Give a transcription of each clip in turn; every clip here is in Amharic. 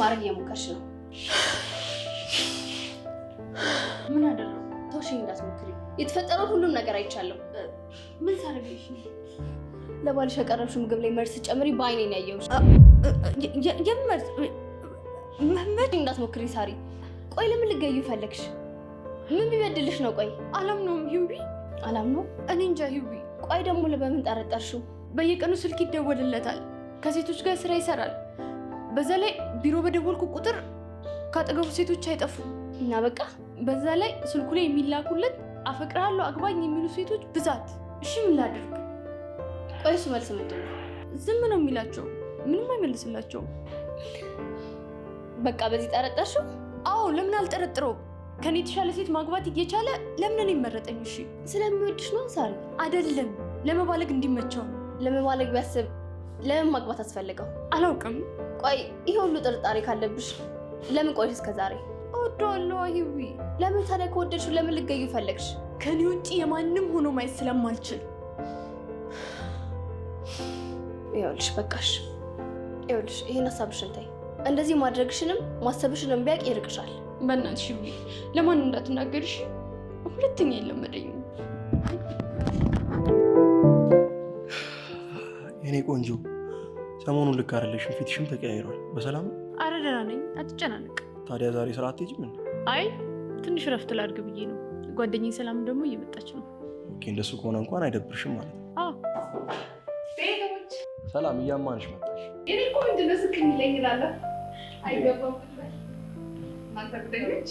ለማድረግ እየሞከርሽ ነው። ምን አደረው? ተውሽኝ፣ እንዳትሞክሪ። የተፈጠረው ሁሉም ነገር አይቻለሁ። ምን ሳደርግሽ? ለባልሽ ያቀረብሽው ምግብ ላይ መርዝ ጨምሪ፣ በአይኔ ነው ያየሁሽ። የመርዝ መርዝ እንዳትሞክሪ ሳሪ። ቆይ ለምን ልገዩ ፈለግሽ? ምን ቢበድልሽ ነው? ቆይ አላም ነው ሂዊ አላም ነው። እኔ እንጃ ሂዊ። ቆይ ደግሞ ለበምን ጠረጠርሽው? በየቀኑ ስልክ ይደወልለታል። ከሴቶች ጋር ስራ ይሰራል። በዛ ላይ ቢሮ በደወልኩ ቁጥር ካጠገቡ ሴቶች አይጠፉም እና በቃ በዛ ላይ ስልኩ ላይ የሚላኩለት አፈቅርሃለሁ፣ አግባኝ የሚሉ ሴቶች ብዛት። እሺ ምን ላድርግ? ቆይ እሱ መልስ ምንድን ነው? ዝም ነው የሚላቸው፣ ምንም አይመልስላቸውም። በቃ በዚህ ጠረጠርሽው? አዎ፣ ለምን አልጠረጥረውም? ከኔ የተሻለ ሴት ማግባት እየቻለ ለምን ይመረጠኝ መረጠኝ? እሺ ስለሚወድሽ ነው ሳሪ? አይደለም፣ ለመባለግ እንዲመቸው ነው። ለመባለግ ቢያስብ ለምን ማግባት አስፈልገው? አላውቅም። ቆይ ይሄ ሁሉ ጥርጣሬ ካለብሽ ለምን ቆይሽ እስከ ዛሬ? እወደዋለሁ አይዊ። ለምን ታዲያ ከወደድሽው ለምን ልገዩ ፈለግሽ? ከኔ ውጭ የማንም ሆኖ ማየት ስለማልችል ይኸውልሽ፣ በቃሽ። ይኸውልሽ ይህን ሀሳብሽን ተይ። እንደዚህ ማድረግሽንም ማሰብሽንም ቢያቅ ይርቅሻል። በእናትሽ ለማን እንዳትናገርሽ ሁለተኛ የለመደኝም የኔ ቆንጆ ሰሞኑን ልክ አይደለሽም። ፊትሽም ተቀያይሯል። በሰላም አረ ደህና ነኝ፣ አትጨናነቅ። ታዲያ ዛሬ ስራ አትሄጂም? አይ ትንሽ ረፍት ላድርግ ብዬ ነው። ጓደኛዬ ሰላም ደግሞ እየመጣች ነው። ኦኬ፣ እንደሱ ከሆነ እንኳን አይደብርሽም ማለት ነው። ሰላም እያማንሽ መጣሽ። እኔ እኮ ምንድን ነው ስክ የሚለኝ እላለሁ። አይገባም እናንተ ጉደኞች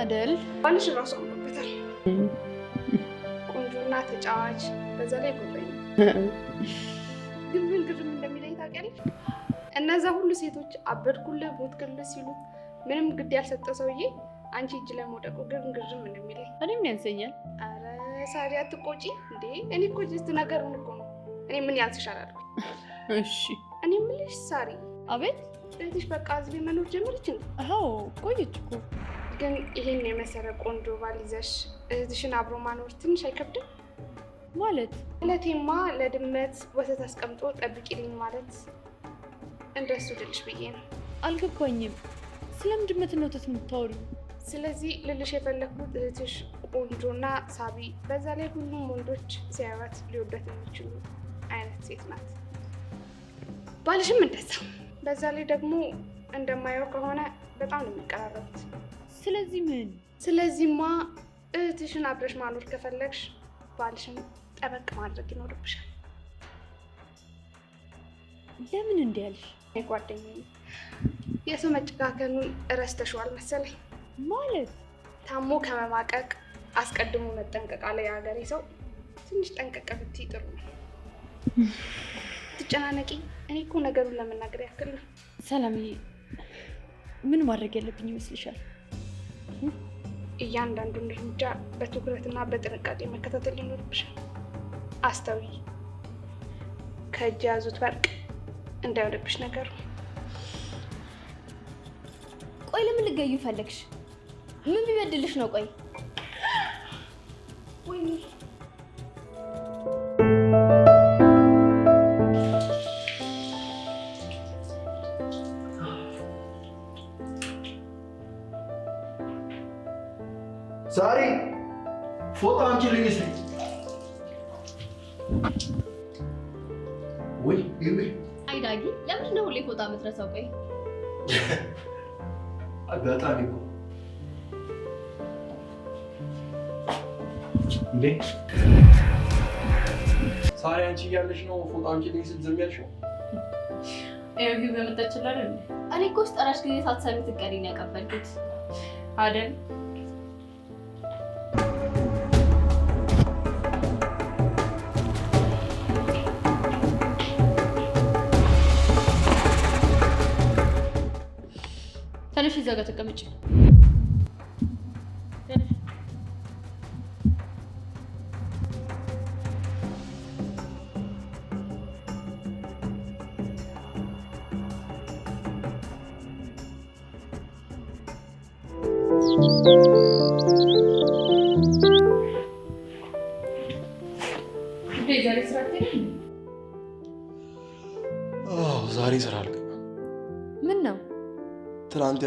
አደል ባልሽ ራሱ አምሮበታል። ቆንጆና ተጫዋች በዛ ላይ ጎበኝ። ምን ግርም እንደሚለኝ ታውቂያለሽ። እነዛ ሁሉ ሴቶች አበድኩልህ ቦትክልህ ሲሉ ምንም ግድ ያልሰጠ ሰውዬ አንቺ እጅ ላይ መውደቁ ግርም ግርም እንደሚለኝ እኔም ያንሰኛል። አረ ሳሪ አትቆጪ እንዴ! እኔ እኮ ጅስት ነገር እኮ ነው። እኔ ምን ያንስሻላል? እሺ እኔ የምልሽ ሳሪ። አቤት እህትሽ በቃ እዚህ መኖር ጀመረች እንዴ? አዎ ቆየች እኮ ግን ይሄን የመሰለ ቆንጆ ባል ይዘሽ እህትሽን አብሮ ማኖር ትንሽ አይከብድም? ማለት እለቴማ ለድመት ወተት አስቀምጦ ጠብቂልኝ ማለት እንደሱ ልልሽ ብዬ ነው። አልገባኝም። ስለምን ድመት ነው ወተት ስለዚህ ልልሽ የፈለግኩት እህትሽ ቆንጆና ሳቢ፣ በዛ ላይ ሁሉም ወንዶች ሲያዩት ሊወዳት የሚችሉ አይነት ሴት ናት። ባልሽም እንደዛ። በዛ ላይ ደግሞ እንደማየው ከሆነ በጣም ነው የሚቀራረቡት። ስለዚህ ምን? ስለዚህማ እህትሽን አብረሽ ማኖር ከፈለግሽ ባልሽን ጠበቅ ማድረግ ይኖርብሻል። ለምን እንዲህ ያልሽ? ጓደኛዬ የሰው መጨካከኑን እረስተሽዋል መሰለኝ። ማለት ታሞ ከመማቀቅ አስቀድሞ መጠንቀቅ አለ የሀገሬ ሰው። ትንሽ ጠንቀቀ ብትይ ጥሩ ነው። ትጨናነቂ። እኔ እኮ ነገሩን ለመናገር ያክል ነው። ሰላምዬ፣ ምን ማድረግ ያለብኝ ይመስልሻል? እያንዳንዱን እርምጃ በትኩረትና በጥንቃቄ መከታተል ይኖርብሻል። አስተውይ፣ ከእጅ የያዙት ወርቅ እንዳይሆንብሽ ነገሩ። ቆይ ለምን ልገዩ ፈለግሽ? ምን ቢበድልሽ ነው? ቆይ አጋጣሚ ነው እንዴ? ሳሪ አንቺ እያለሽ ነው ፎጣ አምጪልኝ ስል ዝም ያልሽው? ይሄው በመጣችላ አይደል? እኔ እኮ ስጠራሽ ጊዜ ሳትሰሚ ነው ያቀበልኩት አይደል? ተነሽ፣ እዛ ጋር ተቀመጭ።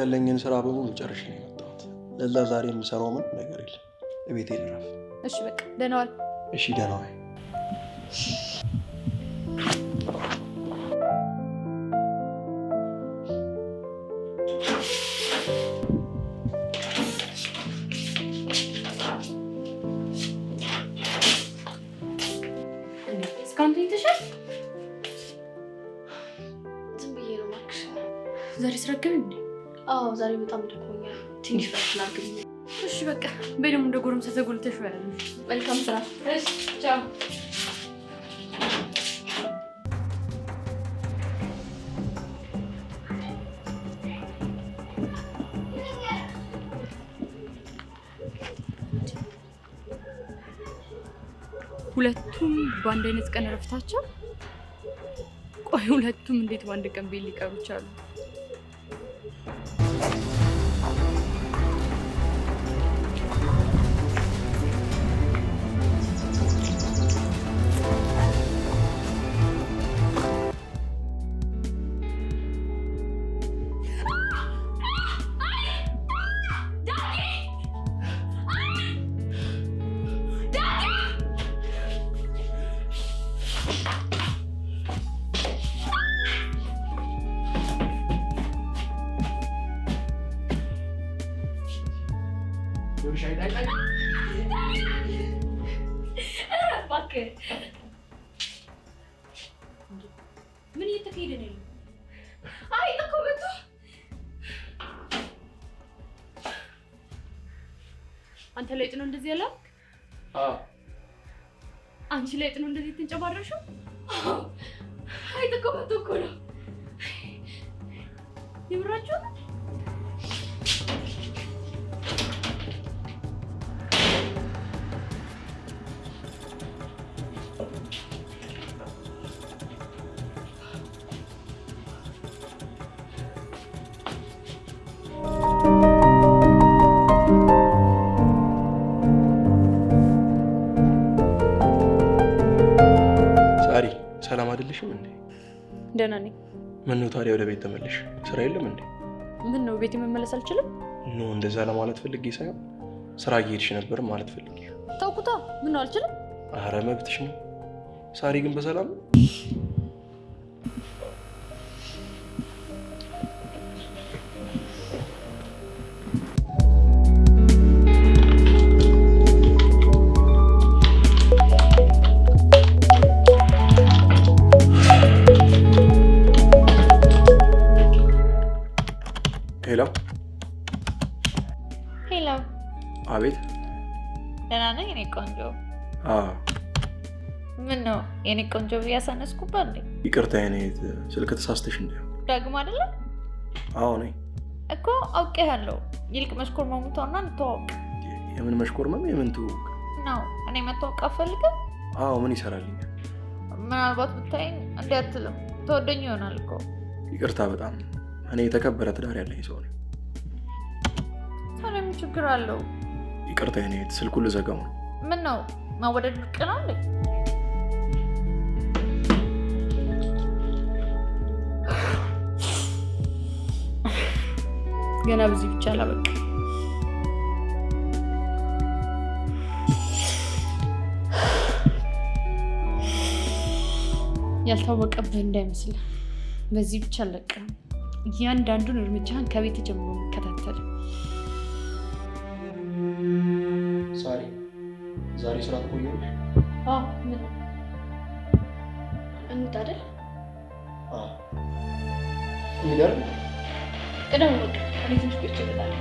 ያለኝን ስራ በሙሉ ጨርሼ ነው የመጣሁት። ለዛ ዛሬ የምሰራው ምን ነገር የለም። እቤቴ ልረፍ። እሺ በቃ ደህና ዋል። እሺ ደህና ዋል። ትንሽ ፈትናል። እሺ በቃ በይ እንደ ጎረምሳ ተጎልተሽ ያለ መልካም ስራ። እሺ ቻው። ሁለቱም በአንድ አይነት ቀን እረፍታቸው? ቆይ ሁለቱም እንዴት በአንድ ቀን ቤት ሊቀሩ እየተካሄደ ነው አይ እኮ መቶ አንተ ላይ ጥኖ እንደዚህ ያላልክ? አንቺ ላይ ጥኖ እንደዚህ ትንጨባረሽው? አይ እኮ መቶ እኮ ነው። ይብራችሁ ደህና ነኝ። ምነው ታዲያ ወደ ቤት ተመለሽ? ስራ የለም እንዴ? ምን ነው ቤት የመመለስ አልችልም? ኖ እንደዛ ለማለት ፈልጌ ሳይሆን ስራ እየሄድሽ ነበር ማለት ፈልጌ። ተውኩታ። ምን ነው አልችልም። አረ መብትሽ ነው። ሳሪ ግን በሰላም ቆንጆ ብያሳነስኩባ እንዴ? ይቅርታ ይነት እህት፣ ስልክ ተሳስተሽ እንዳይሆን። ዳግም አይደለ? አዎ ነ እኮ አውቅ ያለው ይልቅ መሽኮር መሙተውና እንተዋወቅ። የምን መሽኮር መም የምን ትውቅ ነው? እኔ መታወቅ አፈልገ አዎ ምን ይሰራልኛል? ምናልባት ብታይን እንዲህ አትልም፣ ተወደኝ ይሆናል እኮ። ይቅርታ በጣም እኔ የተከበረ ትዳር ያለኝ ሰው ነኝ። ታዲያ ችግር አለው? ይቅርታ ይነት ስልኩ ስልኩን ልዘጋው ነው። ምን ነው ማወደድ ብቅ ነው እንዴ? ገና በዚህ ብቻ አላበቃ። ያልታወቀብህ እንዳይመስል በዚህ ብቻ አለቅም። እያንዳንዱን እርምጃህን ከቤት ጀምሮ የሚከታተል ሳሪ፣ ዛሬ ስራ ትቆያለሽ? ቅደም ወቅ ከቤትሽ ቁጭ ይበጣል።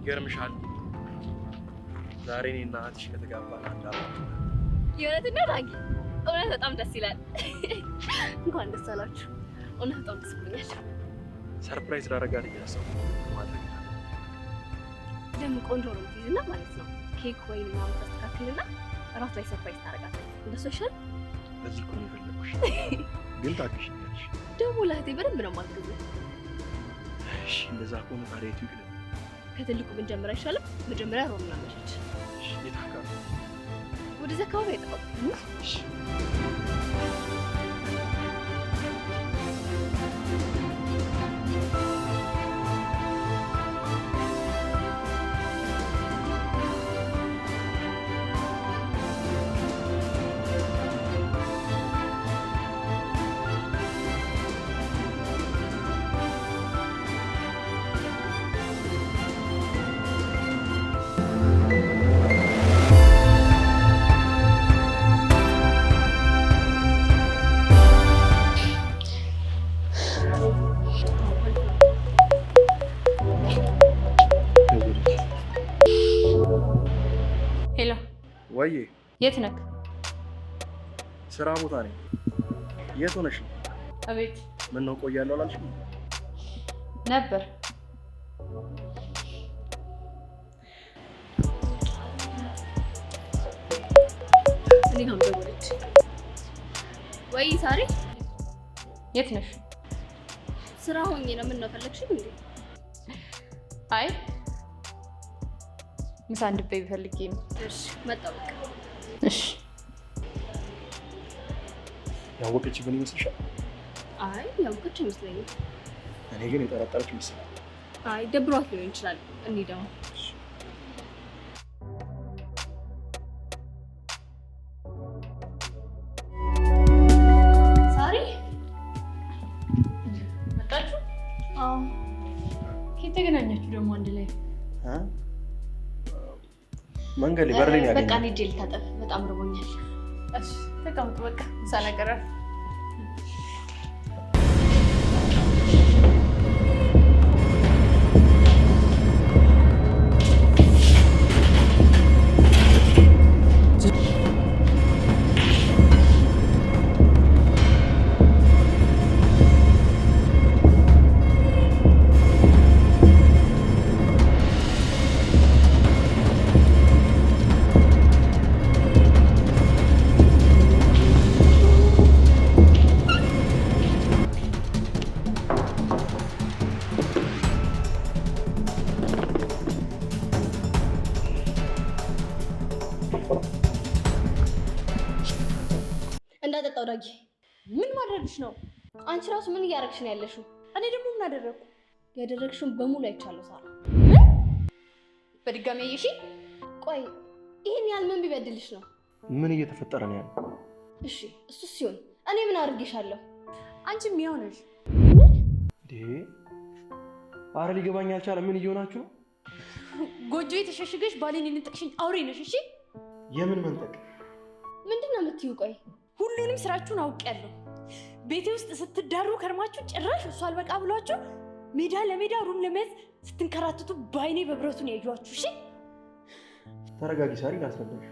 ይገርምሻል ዛሬ እኔና እህትሽ ከተጋባን አንድ አመት። የእውነት ነው ዳጊ፣ እውነት በጣም ደስ ይላል። እንኳን ደስ አላችሁ። እውነት በጣም ደስ ብሎኛል። ሰርፕራይዝ ላደርጋት እያሰብኩ ማድረግ ደግሞ ቆንጆ ነው ትይዝና ማለት ነው ኬክ ወይም ምናምን ታስተካክልና እራሱ ላይ ሰርፕራይዝ ታደርጋለህ። እንደሱ ይሻል። ለዚህ እኮ ነው የፈለኩሽ፣ ግን ታግሽኛለሽ። ደግሞ ለእህቴ በደንብ ነው እሺ እንደዛ ከሆነ ታዲያ የቱ ይቅደም? ከትልቁ ብንጀምር አይሻልም? መጀመሪያ ሮም ናመሸች የታካ አካባቢ አይጠፋም። የት ነክ? ስራ ቦታ ነኝ። የት ሆነሽ ነው? አቤት። ምን ነው ቆያለሁ አላልሽ ነበር? ወይ? ሳሪ የት ነሽ? ስራ ሆኜ ነው። ምን ነው ፈለግሽኝ እንዴ? አይ ምሳ እንድትበይ ፈልጌ ነው። እሺ መጣሁ። እሺ ያወቀችብን ይመስልሻል? አይ ያወቀች ይመስለኛል። እኔ ግን የጠረጠረች ይመስላል። አይ ደብሯት ሊሆን ይችላል። እኔ ደግሞ ሳሪ መጣችሁ? አዎ። ከየት ደግሞ አንድ ላይ? መንገድ በር ላይ ያገኘ በቃ ልታጠፍ በጣም ርቦኛል። ተቀምጡ፣ በቃ ምሳ ነገር አለ። እንዳጠጣው ዳጊ፣ ምን ማድረግሽ ነው? አንቺ ራሱ ምን እያደረግሽ ነው ያለሽው? እኔ ደግሞ ምን አደረግኩ? ያደረግሽውን በሙሉ አይቻለሁ ሳራ። በድጋሚ አየሽ? ቆይ ይህን ያህል ምን ቢበድልሽ ነው? ምን እየተፈጠረ ነው ያለው? እሺ እሱ ሲሆን እኔ ምን አድርጌሻለሁ? አንቺም ያው ነሽ። ኧረ ሊገባኝ አልቻለም። ምን እየሆናችሁ ነው? ጎጆ የተሸሽገሽ ባሌን የነጠቅሽኝ አውሬ ነሽ። እሺ የምን መንጠቅ ምንድን ነው የምትይው? ቆይ ሁሉንም ስራችሁን አውቄያለሁ። ቤቴ ውስጥ ስትዳሩ ከርማችሁ ጭራሽ እሱ አልበቃ ብሏችሁ ሜዳ ለሜዳ ሩም ለመያዝ ስትንከራትቱ በአይኔ በብረቱ ነው ያዩዋችሁ። እሺ ተረጋጊ ሳሪ፣ ላስረዳሽ።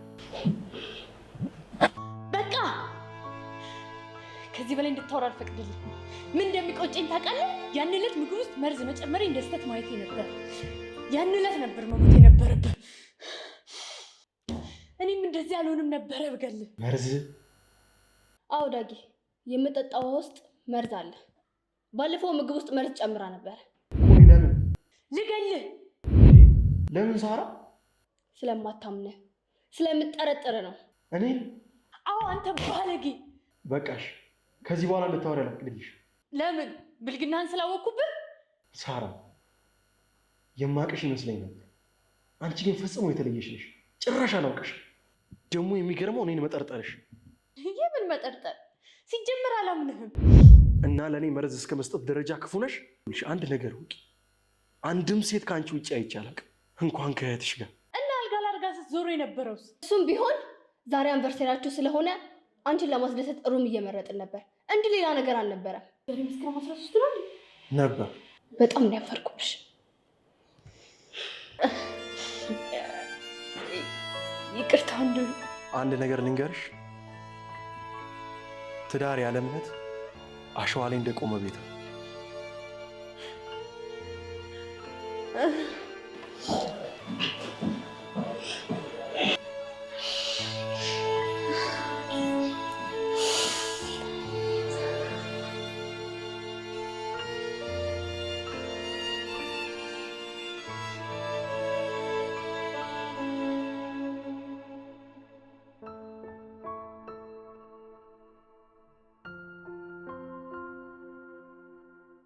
በቃ ከዚህ በላይ እንድታወራ አልፈቅድልኝ። ምን እንደሚቆጨኝ ታውቃለህ? ያን ዕለት ምግብ ውስጥ መርዝ መጨመሪ እንደ ስህተት ማየቴ ነበር። ያን ዕለት ነበር መሞት የነበረብህ። እኔም እንደዚህ አልሆንም ነበረ ብገልህ። መርዝ? አዎ ዳጊ፣ የምጠጣው ውስጥ መርዝ አለ። ባለፈው ምግብ ውስጥ መርዝ ጨምራ ነበረ። ለምን? ልገልህ። ለምን ሳራ? ስለማታምነ ስለምጠረጥር ነው። እኔ? አዎ አንተ ባለጌ። በቃሽ፣ ከዚህ በኋላ ልታወሪ አላቅድልሽ። ለምን? ብልግናን ስላወቅኩብህ? ሳራ የማቅሽ ይመስለኝ ነበር። አንቺ ግን ፈጽሞ የተለየሽ ነሽ። ጭራሽ አላውቅሽ። ደግሞ የሚገርመው እኔን መጠርጠርሽ። የምን መጠርጠር? ሲጀምር አላምንህም እና ለእኔ መረዝ እስከ መስጠት ደረጃ ክፉ ነሽ። አንድ ነገር ውቂ፣ አንድም ሴት ከአንቺ ውጭ አይቼ እንኳን ከእህትሽ ጋር እና አልጋ ላልጋ ስትዞሩ የነበረውስ። እሱም ቢሆን ዛሬ አንቨርሴራችሁ ስለሆነ አንቺን ለማስደሰት ሩም እየመረጥን ነበር እንጂ ሌላ ነገር አልነበረም። መስከረም አስራ ሦስት ነበር። በጣም ነው ያፈርኩብሽ። ይቅርታ ወንድም አንድ ነገር ልንገርሽ፣ ትዳር ያለ እምነት አሸዋ ላይ እንደቆመ ቤት ነው።